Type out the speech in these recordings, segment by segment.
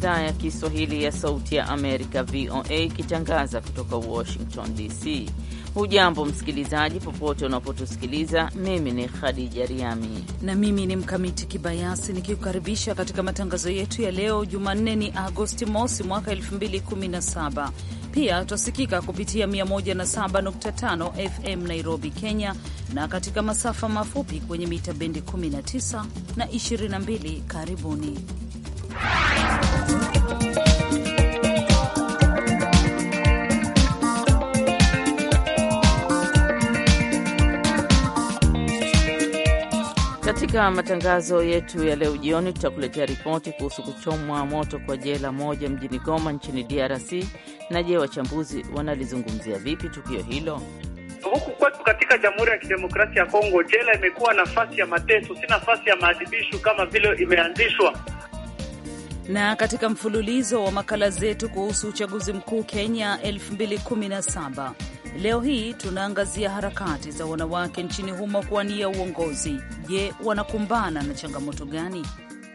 idhaa ya Kiswahili ya Sauti ya Amerika, VOA, ikitangaza kutoka Washington DC. Hujambo msikilizaji, popote unapotusikiliza. Mimi ni Khadija Riami na mimi ni Mkamiti Kibayasi nikikukaribisha katika matangazo yetu ya leo. Jumanne ni Agosti mosi mwaka 2017. Pia twasikika kupitia 107.5 FM Nairobi, Kenya, na katika masafa mafupi kwenye mita bendi 19 na 22. Karibuni. Katika matangazo yetu ya leo jioni, tutakuletea ripoti kuhusu kuchomwa moto kwa jela moja mjini Goma nchini DRC. Na je, wachambuzi wanalizungumzia vipi tukio hilo? Huku kwetu katika Jamhuri ya Kidemokrasia ya Kongo, jela imekuwa nafasi ya mateso, si nafasi ya maadhibisho kama vile imeanzishwa na katika mfululizo wa makala zetu kuhusu uchaguzi mkuu Kenya 2017 leo hii tunaangazia harakati za wanawake nchini humo kuwania uongozi. Je, wanakumbana na changamoto gani?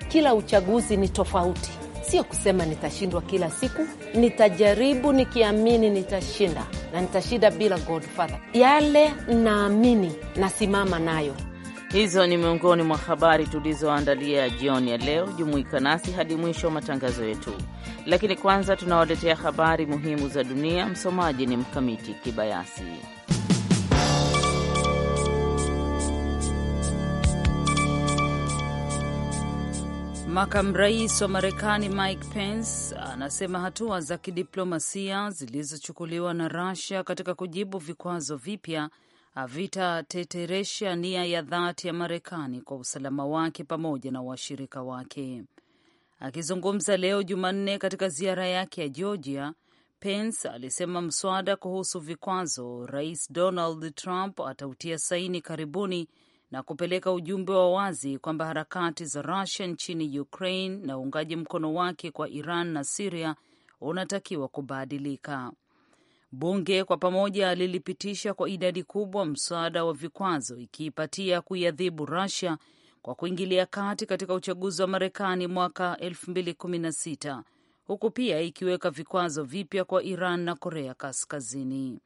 Kila uchaguzi ni tofauti, sio kusema nitashindwa kila siku. Nitajaribu nikiamini nitashinda, na nitashinda bila Godfather. Yale naamini nasimama nayo. Hizo ni miongoni mwa habari tulizoandalia jioni ya leo. Jumuika nasi hadi mwisho wa matangazo yetu, lakini kwanza tunawaletea habari muhimu za dunia. Msomaji ni Mkamiti Kibayasi. Makamu rais wa Marekani Mike Pence anasema hatua za kidiplomasia zilizochukuliwa na rasia katika kujibu vikwazo vipya havitateteresha teteresha nia ya dhati ya Marekani kwa usalama wake pamoja na washirika wake. Akizungumza leo Jumanne katika ziara yake ya Georgia, Pence alisema mswada kuhusu vikwazo Rais Donald Trump atautia saini karibuni na kupeleka ujumbe wa wazi kwamba harakati za Rusia nchini Ukraine na uungaji mkono wake kwa Iran na Siria unatakiwa kubadilika. Bunge kwa pamoja lilipitisha kwa idadi kubwa mswada wa vikwazo, ikiipatia kuiadhibu rasia kwa kuingilia kati katika uchaguzi wa Marekani mwaka 2016 huku pia ikiweka vikwazo vipya kwa Iran na Korea Kaskazini.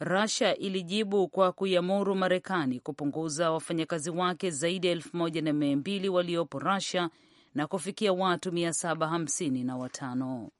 Russia ilijibu kwa kuiamuru Marekani kupunguza wafanyakazi wake zaidi ya elfu moja na mia mbili waliopo rasia na kufikia watu mia saba hamsini na watano.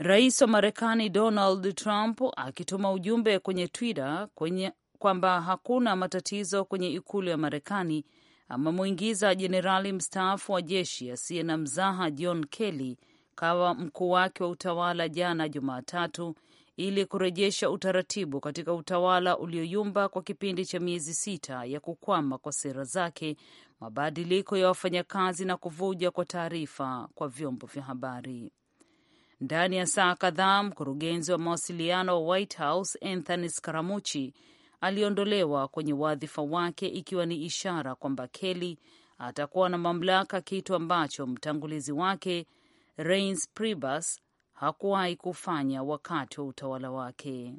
Rais wa Marekani Donald Trump akituma ujumbe kwenye Twitter kwenye kwamba hakuna matatizo kwenye ikulu ya Marekani amemwingiza jenerali mstaafu wa jeshi asiye na mzaha John Kelly kawa mkuu wake wa utawala jana Jumatatu ili kurejesha utaratibu katika utawala ulioyumba kwa kipindi cha miezi sita ya kukwama kwa sera zake, mabadiliko ya wafanyakazi na kuvuja kwa taarifa kwa vyombo vya habari. Ndani ya saa kadhaa, mkurugenzi wa mawasiliano wa White House Anthony Scaramucci aliondolewa kwenye wadhifa wake, ikiwa ni ishara kwamba Kelly atakuwa na mamlaka, kitu ambacho mtangulizi wake Reince Priebus hakuwahi kufanya wakati wa utawala wake.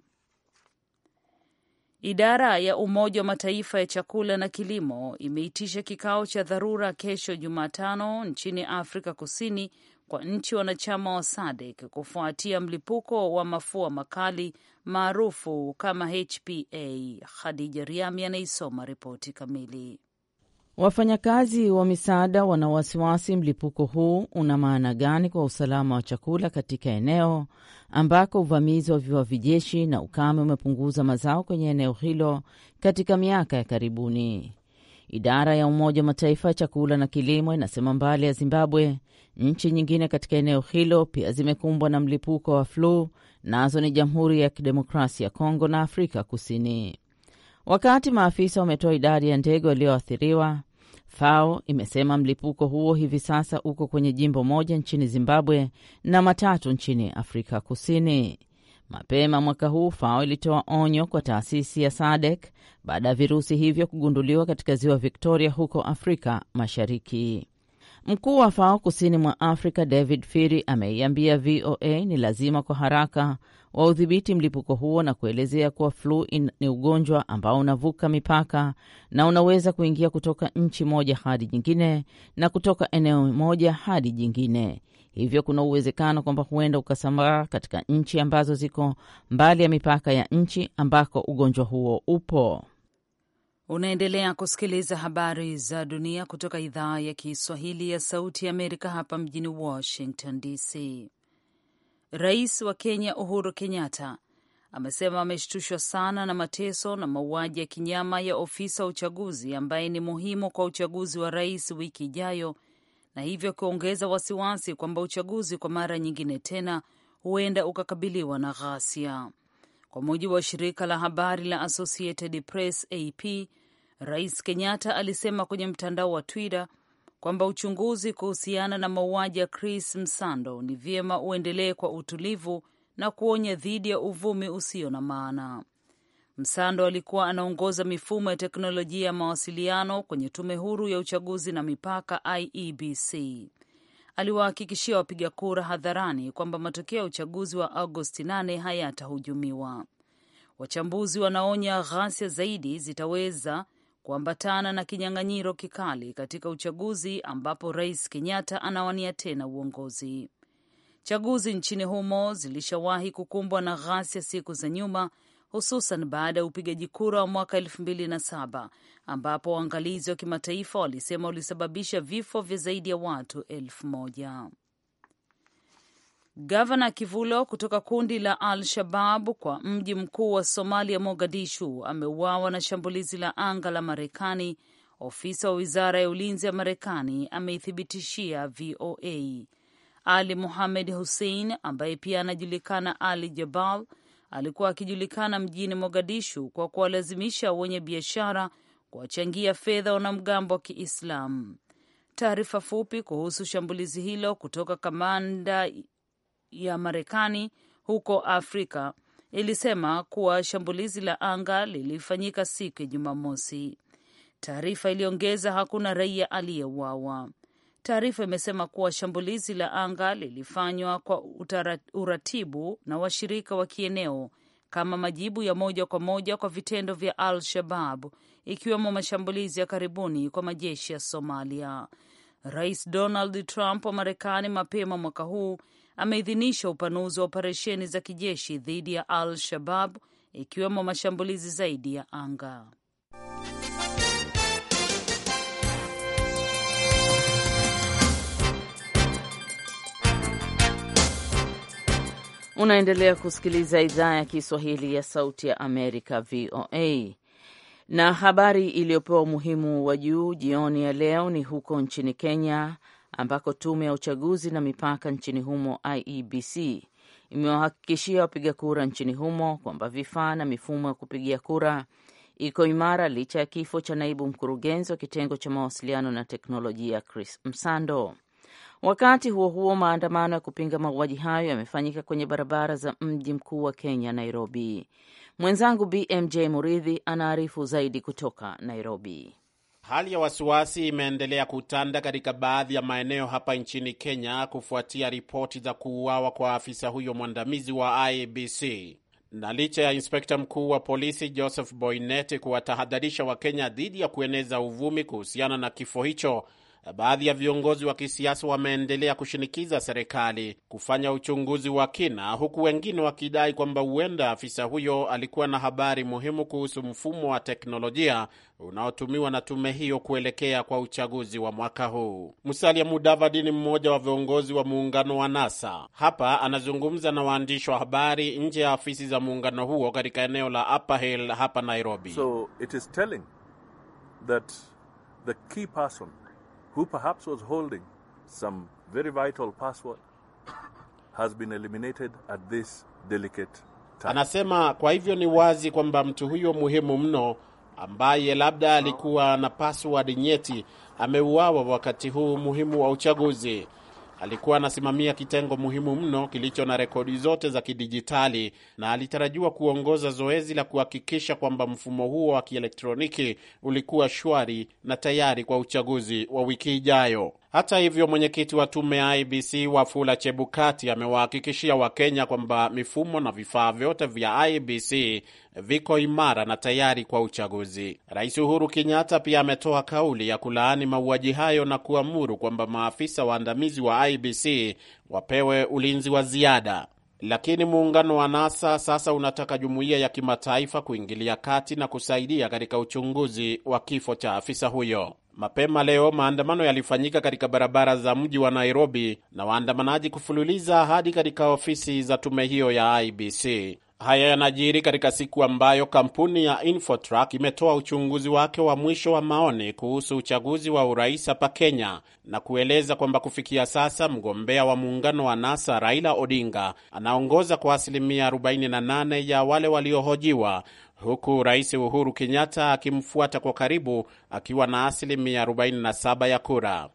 Idara ya Umoja wa Mataifa ya chakula na kilimo imeitisha kikao cha dharura kesho Jumatano nchini Afrika Kusini kwa nchi wanachama wa SADC kufuatia mlipuko wa mafua makali maarufu kama HPA. Khadija Riami anaisoma ripoti kamili. Wafanyakazi wa misaada wana wasiwasi mlipuko huu una maana gani kwa usalama wa chakula katika eneo ambako uvamizi wa viwa vijeshi na ukame umepunguza mazao kwenye eneo hilo katika miaka ya karibuni. Idara ya Umoja wa Mataifa ya chakula na kilimo inasema mbali ya Zimbabwe, nchi nyingine katika eneo hilo pia zimekumbwa na mlipuko wa flu, nazo ni Jamhuri ya Kidemokrasia ya Kongo na Afrika Kusini. Wakati maafisa wametoa idadi ya ndege walioathiriwa, FAO imesema mlipuko huo hivi sasa uko kwenye jimbo moja nchini Zimbabwe na matatu nchini Afrika Kusini. Mapema mwaka huu FAO ilitoa onyo kwa taasisi ya SADC baada ya virusi hivyo kugunduliwa katika ziwa Victoria huko Afrika Mashariki. Mkuu wa FAO kusini mwa Afrika David Firi ameiambia VOA ni lazima kwa haraka waudhibiti mlipuko huo na kuelezea kuwa flu ni ugonjwa ambao unavuka mipaka na unaweza kuingia kutoka nchi moja hadi nyingine na kutoka eneo moja hadi jingine hivyo kuna uwezekano kwamba huenda ukasambaa katika nchi ambazo ziko mbali ya mipaka ya nchi ambako ugonjwa huo upo. Unaendelea kusikiliza habari za dunia kutoka idhaa ya Kiswahili ya Sauti ya Amerika hapa mjini Washington DC. Rais wa Kenya Uhuru Kenyatta amesema ameshtushwa sana na mateso na mauaji ya kinyama ya ofisa wa uchaguzi ambaye ni muhimu kwa uchaguzi wa rais wiki ijayo na hivyo kuongeza wasiwasi kwamba uchaguzi kwa mara nyingine tena huenda ukakabiliwa na ghasia. Kwa mujibu wa shirika la habari la Associated Press AP, Rais Kenyatta alisema kwenye mtandao wa Twitter kwamba uchunguzi kuhusiana na mauaji ya Chris Msando ni vyema uendelee kwa utulivu na kuonya dhidi ya uvumi usio na maana. Msando alikuwa anaongoza mifumo ya teknolojia ya mawasiliano kwenye tume huru ya uchaguzi na mipaka IEBC. Aliwahakikishia wapiga kura hadharani kwamba matokeo ya uchaguzi wa Agosti 8 hayatahujumiwa. Wachambuzi wanaonya ghasia zaidi zitaweza kuambatana na kinyang'anyiro kikali katika uchaguzi ambapo Rais Kenyatta anawania tena uongozi. Chaguzi nchini humo zilishawahi kukumbwa na ghasia siku za nyuma hususan baada ya upigaji kura wa mwaka elfu mbili na saba ambapo waangalizi wa kimataifa walisema ulisababisha vifo vya zaidi ya watu elfu moja. Gavana Kivulo kutoka kundi la Al Shabab kwa mji mkuu wa Somalia, Mogadishu, ameuawa na shambulizi la anga la Marekani. Ofisa wa wizara ya ulinzi ya Marekani ameithibitishia VOA. Ali Muhamed Hussein, ambaye pia anajulikana Ali Jabal, alikuwa akijulikana mjini Mogadishu kwa kuwalazimisha wenye biashara kuwachangia fedha wanamgambo wa Kiislamu. Taarifa fupi kuhusu shambulizi hilo kutoka kamanda ya Marekani huko Afrika ilisema kuwa shambulizi la anga lilifanyika siku ya Jumamosi. Taarifa iliongeza hakuna raia aliyeuawa. Taarifa imesema kuwa shambulizi la anga lilifanywa kwa uratibu na washirika wa kieneo kama majibu ya moja kwa moja kwa vitendo vya Al Shabab ikiwemo mashambulizi ya karibuni kwa majeshi ya Somalia. Rais Donald Trump wa Marekani mapema mwaka huu ameidhinisha upanuzi wa operesheni za kijeshi dhidi ya Al Shabab ikiwemo mashambulizi zaidi ya anga. Unaendelea kusikiliza idhaa ya Kiswahili ya Sauti ya Amerika, VOA. Na habari iliyopewa umuhimu wa juu jioni ya leo ni huko nchini Kenya, ambako tume ya uchaguzi na mipaka nchini humo IEBC imewahakikishia wapiga kura nchini humo kwamba vifaa na mifumo ya kupigia kura iko imara licha ya kifo cha naibu mkurugenzi wa kitengo cha mawasiliano na teknolojia Chris Msando. Wakati huo huo, maandamano ya kupinga mauaji hayo yamefanyika kwenye barabara za mji mkuu wa Kenya, Nairobi. Mwenzangu BMJ Muridhi anaarifu zaidi kutoka Nairobi. Hali ya wasiwasi imeendelea kutanda katika baadhi ya maeneo hapa nchini Kenya kufuatia ripoti za kuuawa kwa afisa huyo mwandamizi wa ibc e na licha ya inspekta mkuu wa polisi Joseph boinet kuwatahadharisha Wakenya dhidi ya kueneza uvumi kuhusiana na kifo hicho, baadhi ya viongozi wa kisiasa wameendelea kushinikiza serikali kufanya uchunguzi wa kina, huku wengine wakidai kwamba huenda afisa huyo alikuwa na habari muhimu kuhusu mfumo wa teknolojia unaotumiwa na tume hiyo kuelekea kwa uchaguzi wa mwaka huu. Musalia Mudavadi ni mmoja wa viongozi wa muungano wa NASA. Hapa anazungumza na waandishi wa habari nje ya afisi za muungano huo katika eneo la Upper Hill hapa Nairobi. So it is telling that the key person who perhaps was holding some very vital password has been eliminated at this delicate time. Anasema kwa hivyo ni wazi kwamba mtu huyo muhimu mno ambaye labda alikuwa na password nyeti ameuawa wakati huu muhimu wa uchaguzi. Alikuwa anasimamia kitengo muhimu mno kilicho na rekodi zote za kidijitali na alitarajiwa kuongoza zoezi la kuhakikisha kwamba mfumo huo wa kielektroniki ulikuwa shwari na tayari kwa uchaguzi wa wiki ijayo. Hata hivyo, mwenyekiti wa tume ya IBC Wafula Chebukati amewahakikishia Wakenya kwamba mifumo na vifaa vyote vya IBC viko imara na tayari kwa uchaguzi. Rais Uhuru Kenyatta pia ametoa kauli ya kulaani mauaji hayo na kuamuru kwamba maafisa waandamizi wa IBC wapewe ulinzi wa ziada. Lakini muungano wa NASA sasa unataka jumuiya ya kimataifa kuingilia kati na kusaidia katika uchunguzi wa kifo cha afisa huyo. Mapema leo maandamano yalifanyika katika barabara za mji wa Nairobi na waandamanaji kufululiza hadi katika ofisi za tume hiyo ya IBC. Haya yanajiri katika siku ambayo kampuni ya Infotrak imetoa uchunguzi wake wa mwisho wa maoni kuhusu uchaguzi wa urais hapa Kenya na kueleza kwamba kufikia sasa mgombea wa muungano wa NASA Raila Odinga anaongoza kwa asilimia 48 ya wale waliohojiwa huku Rais Uhuru Kenyatta akimfuata kwa karibu akiwa na asilimia 47 ya kura.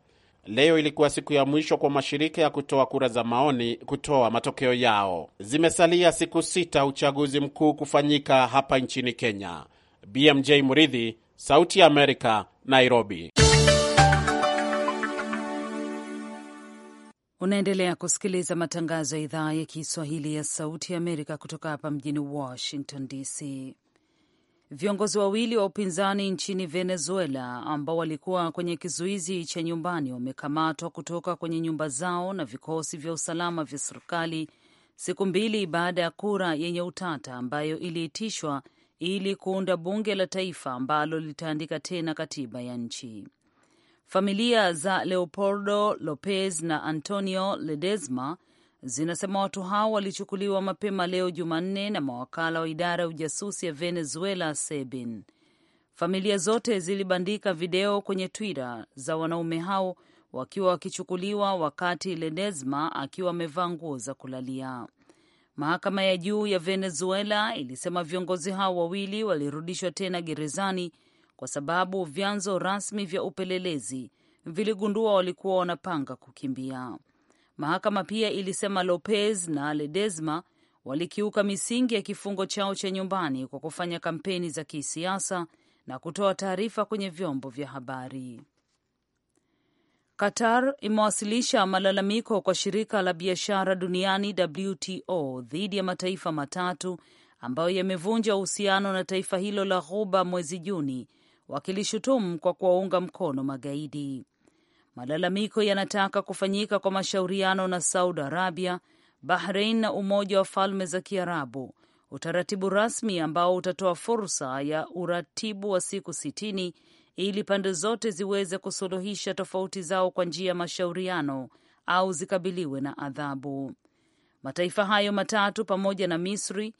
Leo ilikuwa siku ya mwisho kwa mashirika ya kutoa kura za maoni kutoa matokeo yao. Zimesalia siku sita uchaguzi mkuu kufanyika hapa nchini Kenya. BMJ Muridhi, Sauti ya Amerika, Nairobi. Unaendelea kusikiliza matangazo ya idhaa ya Kiswahili ya Sauti ya Amerika kutoka hapa mjini Washington DC. Viongozi wawili wa upinzani nchini Venezuela ambao walikuwa kwenye kizuizi cha nyumbani wamekamatwa kutoka kwenye nyumba zao na vikosi vya usalama vya serikali siku mbili baada ya kura yenye utata ambayo iliitishwa ili kuunda bunge la taifa ambalo litaandika tena katiba ya nchi. Familia za Leopoldo Lopez na Antonio Ledesma zinasema watu hao walichukuliwa mapema leo Jumanne na mawakala wa idara ya ujasusi ya Venezuela, SEBIN. Familia zote zilibandika video kwenye Twitter za wanaume hao wakiwa wakichukuliwa, wakati Ledesma akiwa amevaa nguo za kulalia. Mahakama ya juu ya Venezuela ilisema viongozi hao wawili walirudishwa tena gerezani kwa sababu vyanzo rasmi vya upelelezi viligundua walikuwa wanapanga kukimbia. Mahakama pia ilisema Lopez na Ledesma walikiuka misingi ya kifungo chao cha nyumbani kwa kufanya kampeni za kisiasa na kutoa taarifa kwenye vyombo vya habari. Qatar imewasilisha malalamiko kwa shirika la biashara duniani WTO dhidi ya mataifa matatu ambayo yamevunja uhusiano na taifa hilo la Ghuba mwezi Juni, wakilishutumu kwa kuwaunga mkono magaidi. Malalamiko yanataka kufanyika kwa mashauriano na Saudi Arabia, bahrein na Umoja wa Falme za Kiarabu, utaratibu rasmi ambao utatoa fursa ya uratibu wa siku sitini ili pande zote ziweze kusuluhisha tofauti zao kwa njia ya mashauriano au zikabiliwe na adhabu. Mataifa hayo matatu pamoja na Misri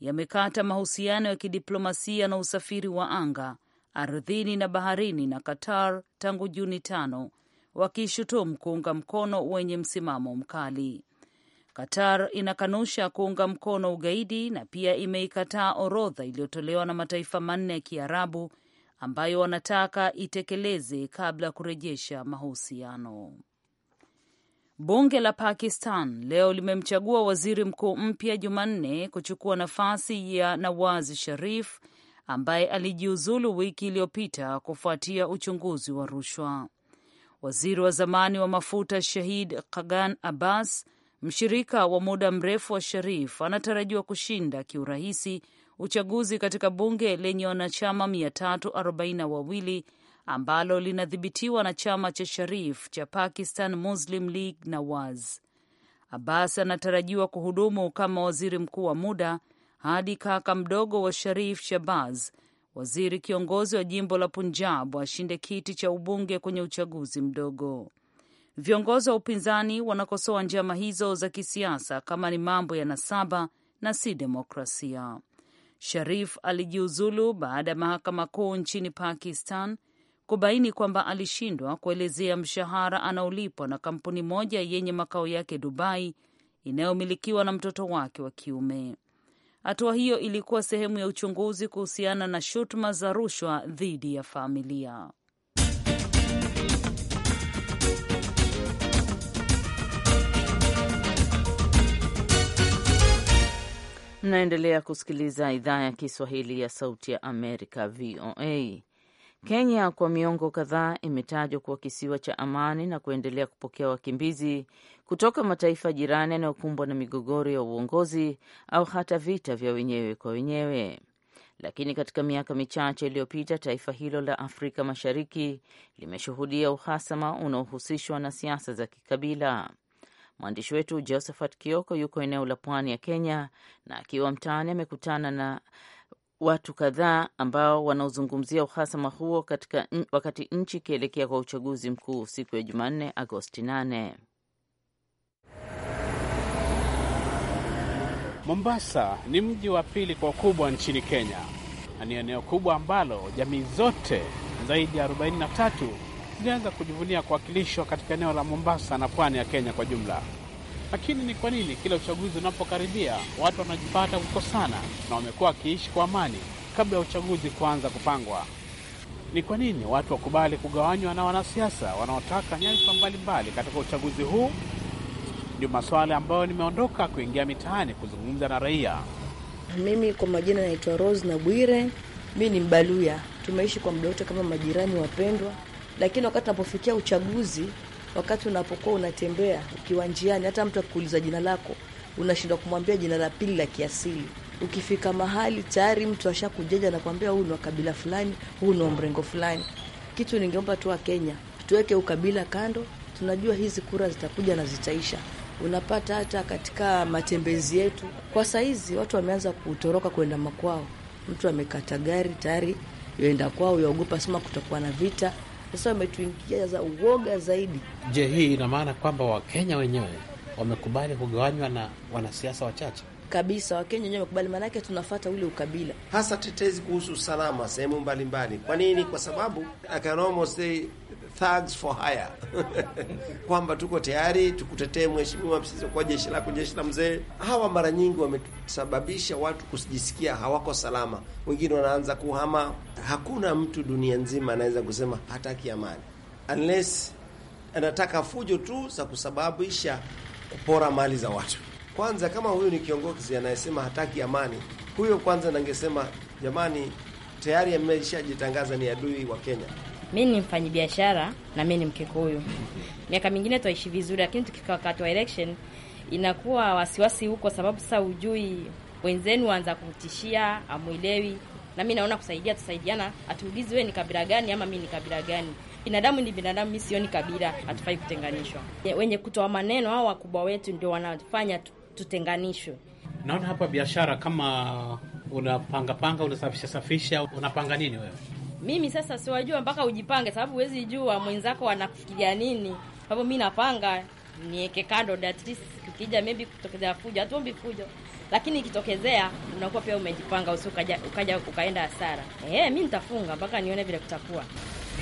yamekata mahusiano ya kidiplomasia na usafiri wa anga, ardhini na baharini na Qatar tangu Juni tano wakiishutumu kuunga mkono wenye msimamo mkali. Qatar inakanusha kuunga mkono ugaidi na pia imeikataa orodha iliyotolewa na mataifa manne ya Kiarabu ambayo wanataka itekeleze kabla ya kurejesha mahusiano. Bunge la Pakistan leo limemchagua waziri mkuu mpya Jumanne kuchukua nafasi ya Nawaz Sharif ambaye alijiuzulu wiki iliyopita kufuatia uchunguzi wa rushwa waziri wa zamani wa mafuta Shahid Kagan Abbas, mshirika wa muda mrefu wa Sharif, anatarajiwa kushinda kiurahisi uchaguzi katika bunge lenye wanachama 342 ambalo linadhibitiwa na chama cha Sharif cha Pakistan Muslim League Nawaz. Abbas anatarajiwa kuhudumu kama waziri mkuu wa muda hadi kaka mdogo wa Sharif Shabaz waziri kiongozi wa jimbo la Punjab ashinde kiti cha ubunge kwenye uchaguzi mdogo. Viongozi wa upinzani wanakosoa njama hizo za kisiasa kama ni mambo ya nasaba na si demokrasia. Sharif alijiuzulu baada ya mahakama kuu nchini Pakistan kubaini kwamba alishindwa kuelezea mshahara anaolipwa na kampuni moja yenye makao yake Dubai inayomilikiwa na mtoto wake wa kiume. Hatua hiyo ilikuwa sehemu ya uchunguzi kuhusiana na shutuma za rushwa dhidi ya familia. Mnaendelea kusikiliza idhaa ya Kiswahili ya Sauti ya Amerika, VOA. Kenya kwa miongo kadhaa imetajwa kuwa kisiwa cha amani na kuendelea kupokea wakimbizi kutoka mataifa jirani yanayokumbwa na migogoro ya uongozi au hata vita vya wenyewe kwa wenyewe. Lakini katika miaka michache iliyopita taifa hilo la Afrika Mashariki limeshuhudia uhasama unaohusishwa na siasa za kikabila. Mwandishi wetu Josephat Kioko yuko eneo la pwani ya Kenya na akiwa mtaani amekutana na watu kadhaa ambao wanaozungumzia uhasama huo katika wakati nchi ikielekea kwa uchaguzi mkuu siku ya Jumanne, Agosti 8. Mombasa ni mji wa pili kwa ukubwa nchini Kenya na ni eneo kubwa ambalo jamii zote zaidi ya 43 zinaweza kujivunia kuwakilishwa katika eneo la Mombasa na pwani ya Kenya kwa jumla. Lakini ni kwa nini kila uchaguzi unapokaribia watu wanajipata kukosana na wamekuwa wakiishi kwa amani kabla ya uchaguzi kuanza kupangwa? Ni kwa nini watu wakubali kugawanywa na wanasiasa wanaotaka nyadhifa mbalimbali katika uchaguzi huu ndio maswala ambayo nimeondoka kuingia mitaani kuzungumza na raia. Mimi kwa majina naitwa Rose na Bwire, mi ni Mbaluya. Tumeishi kwa muda wote kama majirani wapendwa, lakini wakati unapofikia uchaguzi, wakati unapokuwa unatembea ukiwa njiani, hata mtu akikuuliza jina lako unashindwa kumwambia jina la pili la kiasili. Ukifika mahali tayari mtu ashakujeja nakwambia, huu ni wa kabila fulani, huu ni wa mrengo fulani. Kitu ningeomba tu wa Kenya tuweke ukabila kando, tunajua hizi kura zitakuja na zitaisha unapata hata katika matembezi yetu. Kwa saizi watu wameanza kutoroka kwenda makwao, mtu amekata gari tayari yoenda kwao, yaogopa sema kutakuwa na vita. Sasa wametuingia za uoga zaidi. Je, hii ina maana kwamba Wakenya wenyewe wamekubali kugawanywa na wanasiasa wachache? Kabisa, Wakenya wenyewe wamekubali, maanake tunafata ule ukabila, hasa tetezi kuhusu usalama sehemu mbalimbali. Kwa nini? Kwa sababu I can almost say thugs for hire kwamba tuko tayari tukutetee mheshimiwa Msisi kwa jeshi lako, jeshi la mzee. Hawa mara nyingi wamesababisha watu kusijisikia hawako salama, wengine wanaanza kuhama. Hakuna mtu dunia nzima anaweza kusema hataki amani unless anataka fujo tu za kusababisha kupora mali za watu. Kwanza kama huyu ni kiongozi anayesema hataki amani, huyo kwanza nangesema jamani, tayari ameshajitangaza ni adui wa Kenya. Mi ni mfanyabiashara na mi ni Mkikuyu. Miaka mingine tuaishi vizuri, lakini tukifika wakati wa election inakuwa wasiwasi huko, sababu sasa ujui wenzenu waanza kutishia, amwelewi. Na mi naona kusaidia, tusaidiana, hatuulizi we ni kabila gani ama mi ni kabila gani. Binadamu ni binadamu, mi sioni kabila, hatufai kutenganishwa. Wenye kutoa maneno au wakubwa wetu ndio wanafanya tutenganishwe. Naona hapa biashara kama unapangapanga, unasafisha safisha, unapanga nini wewe? Mimi sasa siwajua mpaka ujipange, sababu huwezi jua mwenzako anafikiria nini. Sababu mi napanga nieke kando, at least ukija maybe kutokezea fujo, hatuombi fujo lakini ikitokezea unakuwa pia umejipanga, usi ukaja, ukaja ukaenda hasara. Eh, mi nitafunga mpaka nione vile kutakuwa.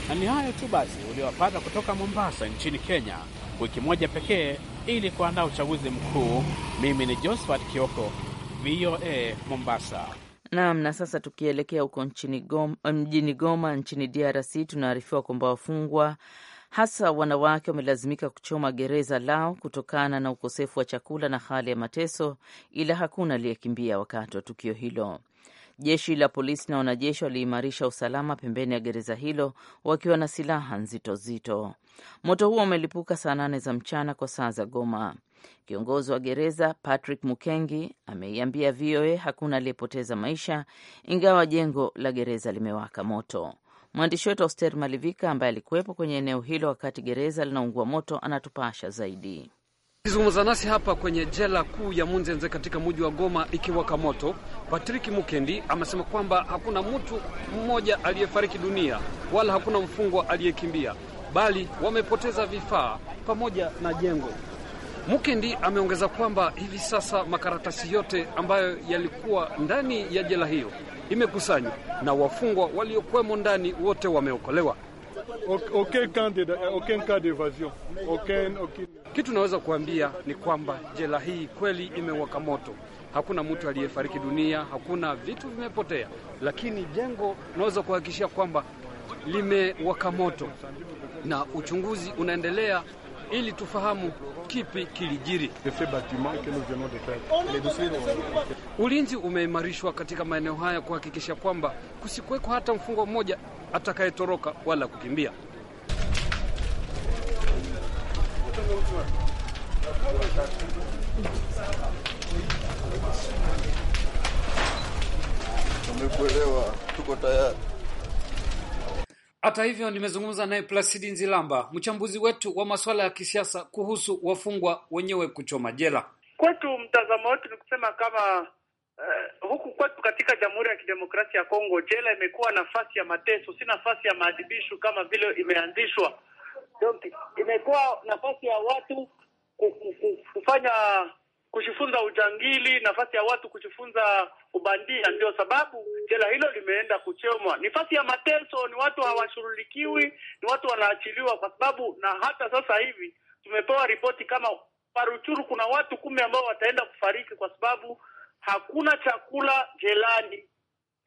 Na ni hayo tu basi uliowapata kutoka Mombasa nchini Kenya, wiki moja pekee ili kuandaa uchaguzi mkuu. Mimi ni Josephat Kioko, VOA Mombasa. Naam. Na sasa tukielekea huko mjini Goma nchini DRC, tunaarifiwa kwamba wafungwa hasa wanawake wamelazimika kuchoma gereza lao kutokana na ukosefu wa chakula na hali ya mateso, ila hakuna aliyekimbia wakati wa tukio hilo. Jeshi la polisi na wanajeshi waliimarisha usalama pembeni ya gereza hilo wakiwa na silaha nzito zito. Moto huo umelipuka saa nane za mchana kwa saa za Goma. Kiongozi wa gereza Patrick Mukengi ameiambia VOA hakuna aliyepoteza maisha, ingawa jengo la gereza limewaka moto. Mwandishi wetu Auster Malivika ambaye alikuwepo kwenye eneo hilo wakati gereza linaungua moto anatupasha zaidi. Akizungumza nasi hapa kwenye jela kuu ya Munzenze katika mji wa Goma ikiwaka moto, Patrick Mukendi amesema kwamba hakuna mtu mmoja aliyefariki dunia wala hakuna mfungwa aliyekimbia, bali wamepoteza vifaa pamoja na jengo. Mukendi ameongeza kwamba hivi sasa makaratasi yote ambayo yalikuwa ndani ya jela hiyo imekusanywa na wafungwa waliokuwemo ndani wote wameokolewa. Kitu naweza kuambia ni kwamba jela hii kweli imewaka moto. Hakuna mtu aliyefariki dunia, hakuna vitu vimepotea, lakini jengo naweza kuhakikishia kwamba limewaka moto na uchunguzi unaendelea ili tufahamu kipi kilijiri. Ulinzi umeimarishwa katika maeneo haya kuhakikisha kwamba kusikuweko hata mfungwa mmoja atakayetoroka wala kukimbia. Tumekuelewa, tuko tayari. Hata hivyo, nimezungumza naye Plasidi Nzilamba, mchambuzi wetu wa masuala ya kisiasa kuhusu wafungwa wenyewe kuchoma jela. Kwetu mtazamo wetu ni kusema kama Uh, huku kwetu katika Jamhuri ya Kidemokrasia ya Kongo jela imekuwa nafasi ya mateso, si nafasi ya maadhibisho kama vile imeanzishwa. imekuwa nafasi ya watu kufanya kujifunza ujangili, nafasi ya watu kujifunza ubandia. Ndio sababu jela hilo limeenda kuchemwa Nafasi ya mateso, ni watu hawashughulikiwi, ni watu wanaachiliwa kwa sababu, na hata sasa hivi tumepewa ripoti kama Paruchuru kuna watu kumi ambao wataenda kufariki kwa sababu hakuna chakula jelani.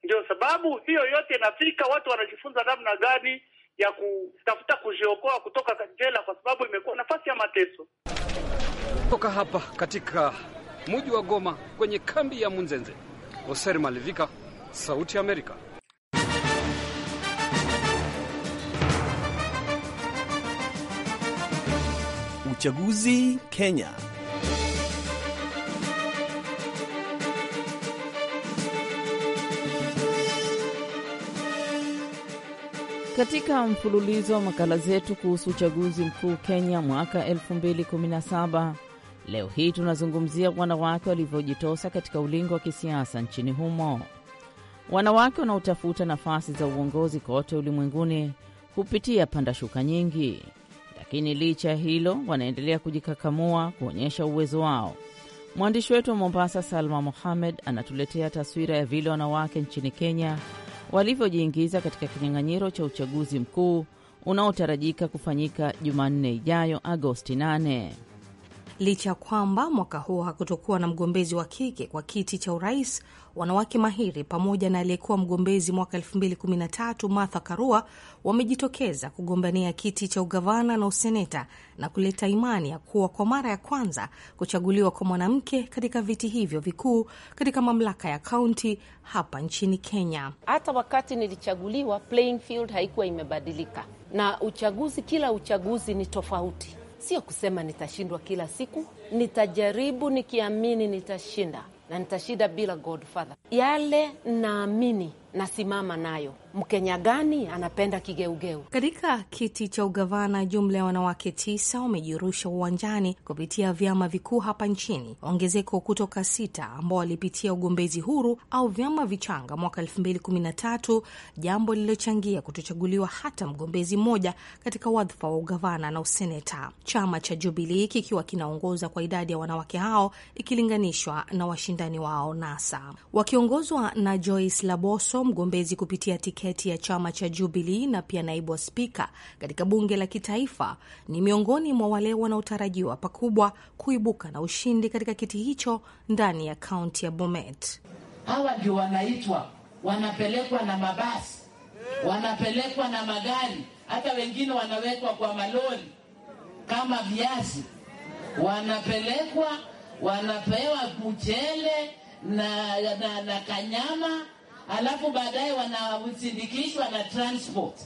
Ndio sababu hiyo yote inafika, watu wanajifunza namna gani ya kutafuta kujiokoa kutoka jela, kwa sababu imekuwa nafasi ya mateso. Toka hapa katika mji wa Goma kwenye kambi ya Munzenze, Oser Malivika, Sauti ya Amerika. Uchaguzi Kenya. Katika mfululizo wa makala zetu kuhusu uchaguzi mkuu Kenya mwaka Leo hii tunazungumzia wanawake walivyojitosa katika ulingo wa kisiasa nchini humo. Wanawake wanaotafuta nafasi za uongozi kote ulimwenguni hupitia shuka nyingi, lakini licha ya hilo wanaendelea kujikakamua kuonyesha uwezo wao. Mwandishi wetu wa Mombasa, Salma Mohamed, anatuletea taswira ya vile wanawake nchini Kenya walivyojiingiza katika kinyang'anyiro cha uchaguzi mkuu unaotarajika kufanyika Jumanne ijayo, Agosti 8 licha ya kwamba mwaka huo hakutokuwa na mgombezi wa kike kwa kiti cha urais, wanawake mahiri pamoja na aliyekuwa mgombezi mwaka 213 Martha Karua wamejitokeza kugombania kiti cha ugavana na useneta na kuleta imani ya kuwa kwa mara ya kwanza kuchaguliwa kwa mwanamke katika viti hivyo vikuu katika mamlaka ya kaunti hapa nchini Kenya. Hata wakati nilichaguliwa, playing field haikuwa imebadilika, na uchaguzi, kila uchaguzi ni tofauti Sio kusema nitashindwa kila siku, nitajaribu nikiamini nitashinda na nitashinda bila Godfather. Yale naamini nasimama nayo. Mkenya gani anapenda kigeugeu? Katika kiti cha ugavana, jumla ya wanawake tisa wamejirusha uwanjani kupitia vyama vikuu hapa nchini, ongezeko kutoka sita ambao walipitia ugombezi huru au vyama vichanga mwaka elfu mbili kumi na tatu, jambo lililochangia kutochaguliwa hata mgombezi mmoja katika wadhifa wa ugavana na useneta, chama cha Jubilii kikiwa kinaongoza kwa idadi ya wanawake hao ikilinganishwa na washindani wao NASA wakiongozwa na Joyce Laboso Ruto, mgombezi kupitia tiketi ya chama cha Jubilee na pia naibu wa spika katika bunge la kitaifa, ni miongoni mwa wale wanaotarajiwa pakubwa kuibuka na ushindi katika kiti hicho ndani ya kaunti ya Bomet. Hawa ndio wanaitwa, wanapelekwa na mabasi, wanapelekwa na magari, hata wengine wanawekwa kwa malori kama viazi, wanapelekwa wanapewa mchele na, na, na kanyama alafu baadaye wanasindikishwa na transport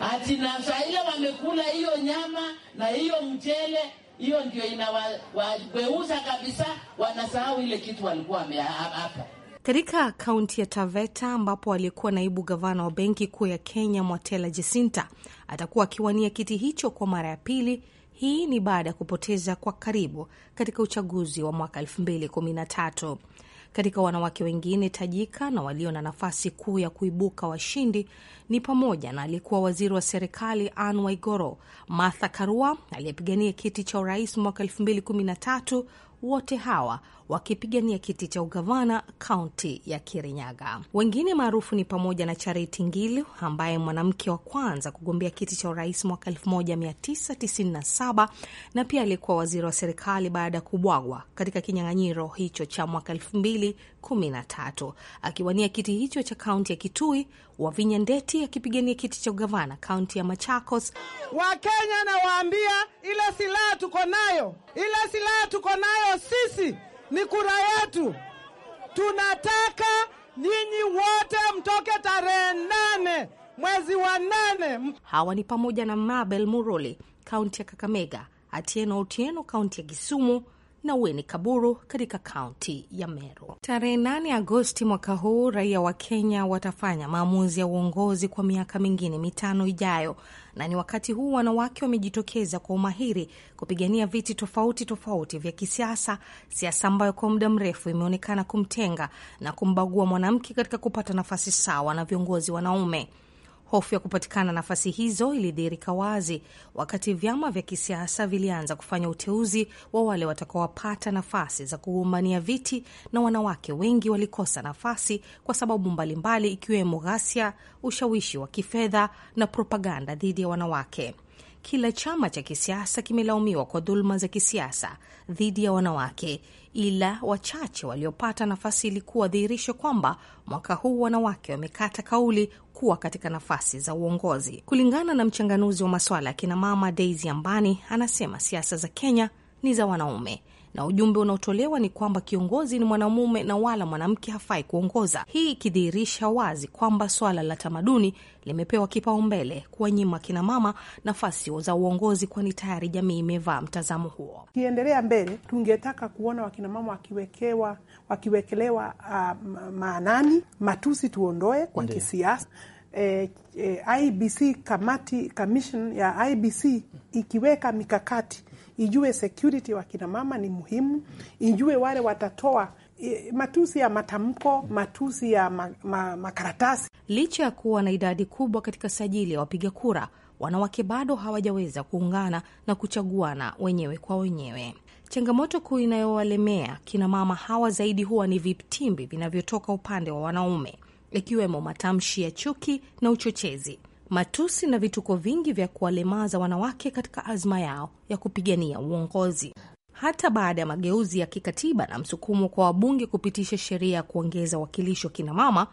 ati na saile wamekula hiyo nyama na hiyo mchele, hiyo ndio inawageuza kabisa, wanasahau ile kitu walikuwa wamehapa Katika kaunti ya Taveta ambapo aliyekuwa naibu gavana wa benki kuu ya Kenya Mwatela Jacinta atakuwa akiwania kiti hicho kwa mara ya pili. Hii ni baada ya kupoteza kwa karibu katika uchaguzi wa mwaka tatu katika wanawake wengine tajika na walio na nafasi kuu ya kuibuka washindi ni pamoja na aliyekuwa waziri wa serikali an waigoro Martha Karua aliyepigania kiti cha urais mwaka 2013. Wote hawa wakipigania kiti cha ugavana kaunti ya Kirinyaga. Wengine maarufu ni pamoja na Charity Ngilu ambaye mwanamke wa kwanza kugombea kiti cha urais mwaka 1997 na pia aliyekuwa waziri wa serikali baada ya kubwagwa katika kinyang'anyiro hicho cha mwaka 2013 akiwania kiti hicho cha kaunti ya Kitui, Wavinya Ndeti akipigania kiti cha ugavana kaunti ya Machakos. Wakenya nawaambia, ile silaha tuko nayo, ile silaha tuko nayo sisi ni kura yetu. Tunataka nyinyi wote mtoke tarehe nane mwezi wa nane. Hawa ni pamoja na Mabel Muroli kaunti ya Kakamega, Atieno Otieno kaunti ya Kisumu, na Wini Kaburu katika kaunti ya Meru. Tarehe 8 Agosti mwaka huu, raia wa Kenya watafanya maamuzi ya uongozi kwa miaka mingine mitano ijayo, na ni wakati huu wanawake wamejitokeza kwa umahiri kupigania viti tofauti tofauti vya kisiasa, siasa ambayo kwa muda mrefu imeonekana kumtenga na kumbagua mwanamke katika kupata nafasi sawa na viongozi wanaume. Hofu ya kupatikana nafasi hizo ilidhihirika wazi wakati vyama vya kisiasa vilianza kufanya uteuzi wa wale watakaowapata nafasi za kugombania viti, na wanawake wengi walikosa nafasi kwa sababu mbalimbali, ikiwemo ghasia, ushawishi wa kifedha na propaganda dhidi ya wanawake. Kila chama cha kisiasa kimelaumiwa kwa dhuluma za kisiasa dhidi ya wanawake, ila wachache waliopata nafasi ilikuwa dhihirisho kwamba mwaka huu wanawake wamekata kauli kuwa katika nafasi za uongozi. Kulingana na mchanganuzi wa maswala ya kinamama Daisy Ambani, anasema siasa za Kenya ni za wanaume na ujumbe unaotolewa ni kwamba kiongozi ni mwanamume na wala mwanamke hafai kuongoza, hii ikidhihirisha wazi kwamba swala la tamaduni limepewa kipaumbele kuwanyima nyima mama nafasi za uongozi, kwani tayari jamii imevaa mtazamo huo. Kiendelea mbele, tungetaka kuona wakinamama wakiwekewa wakiwekelewa uh, maanani. Matusi tuondoe kwa kisiasa. E, eh, e, eh, IBC kamati commission ya IBC ikiweka mikakati ijue security wa kina mama ni muhimu, ijue wale watatoa eh, matusi ya matamko, matusi ya ma, ma, makaratasi. Licha ya kuwa na idadi kubwa katika sajili ya wapiga kura, wanawake bado hawajaweza kuungana na kuchaguana wenyewe kwa wenyewe. Changamoto kuu inayowalemea kina mama hawa zaidi huwa ni vitimbi vinavyotoka upande wa wanaume, ikiwemo matamshi ya chuki na uchochezi matusi na vituko vingi vya kuwalemaza wanawake katika azma yao ya kupigania uongozi. Hata baada ya mageuzi ya kikatiba na msukumo kwa wabunge kupitisha sheria ya kuongeza uwakilishi wa kinamama,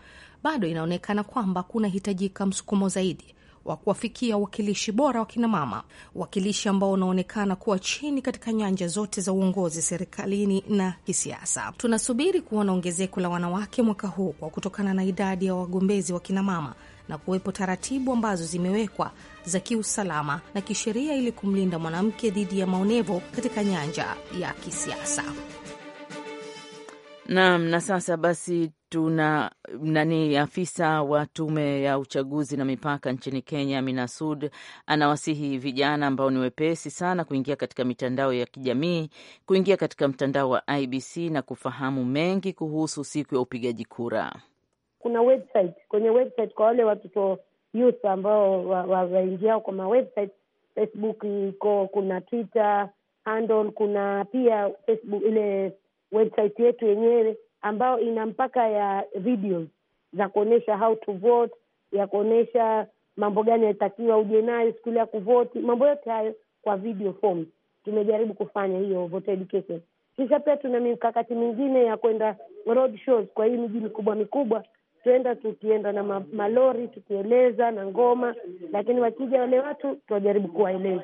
bado inaonekana kwamba kunahitajika msukumo zaidi wa kuwafikia uwakilishi bora wa kinamama, uwakilishi ambao unaonekana kuwa chini katika nyanja zote za uongozi serikalini na kisiasa. Tunasubiri kuona ongezeko la wanawake mwaka huu kwa kutokana na idadi ya wagombezi wa kinamama na kuwepo taratibu ambazo zimewekwa za kiusalama na kisheria ili kumlinda mwanamke dhidi ya maonevo katika nyanja ya kisiasa. Naam, na sasa basi tuna nani, afisa wa tume ya uchaguzi na mipaka nchini Kenya, Minasud, anawasihi vijana ambao ni wepesi sana kuingia katika mitandao ya kijamii, kuingia katika mtandao wa IBC na kufahamu mengi kuhusu siku ya upigaji kura kuna website. Kwenye website kwa wale watoto youth ambao waingiao wa, wa kwa mawebsite, Facebook iko, kuna Twitter handle, kuna pia Facebook ile website yetu yenyewe ambayo ina mpaka ya videos za kuonyesha how to vote, ya kuonyesha mambo gani yatakiwa uje nayo siku ile ya kuvoti, mambo yote hayo kwa video form. Tumejaribu kufanya hiyo voter education. Kisha pia tuna mikakati mingine ya kwenda road shows kwa hii miji mikubwa mikubwa tuenda tukienda na ma, malori tukieleza na ngoma, lakini wakija wale watu tuwajaribu kuwaeleza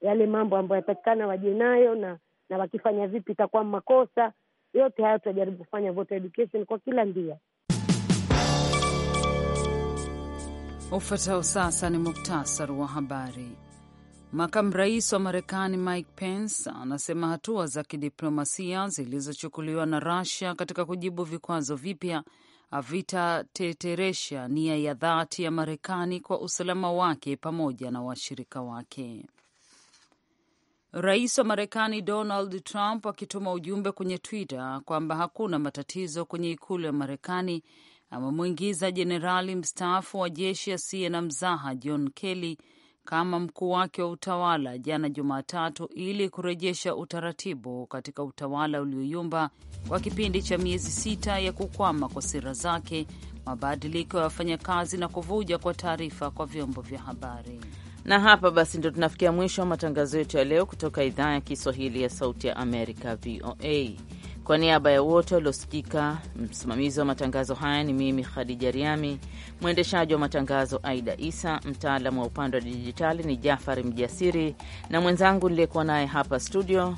yale mambo ambayo yatakikana waje nayo na na wakifanya vipi itakuwa makosa yote hayo tuwajaribu kufanya voter education kwa kila njia. Ufuatao sasa ni muktasari wa habari. Makamu rais wa Marekani Mike Pence anasema hatua za kidiplomasia zilizochukuliwa na rasia katika kujibu vikwazo vipya havitateteresha nia ya dhati ya Marekani kwa usalama wake pamoja na washirika wake. Rais wa Marekani Donald Trump akituma ujumbe kwenye Twitter kwamba hakuna matatizo kwenye ikulu ya Marekani amemwingiza jenerali mstaafu wa jeshi asiye na mzaha John Kelly kama mkuu wake wa utawala jana Jumatatu ili kurejesha utaratibu katika utawala ulioyumba kwa kipindi cha miezi sita ya kukwama kwa sera zake, mabadiliko ya wafanyakazi na kuvuja kwa taarifa kwa vyombo vya habari. Na hapa basi ndo tunafikia mwisho wa matangazo yetu ya leo kutoka idhaa ya Kiswahili ya Sauti ya Amerika, VOA. Kwa niaba ya wote waliosikika, msimamizi wa matangazo haya ni mimi Khadija Riami, mwendeshaji wa matangazo Aida Isa, mtaalamu wa upande wa dijitali ni Jafari Mjasiri na mwenzangu niliyekuwa naye hapa studio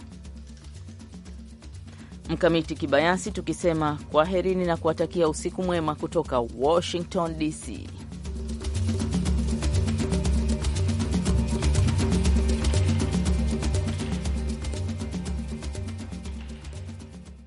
Mkamiti Kibayasi, tukisema kwaherini na kuwatakia usiku mwema kutoka Washington DC.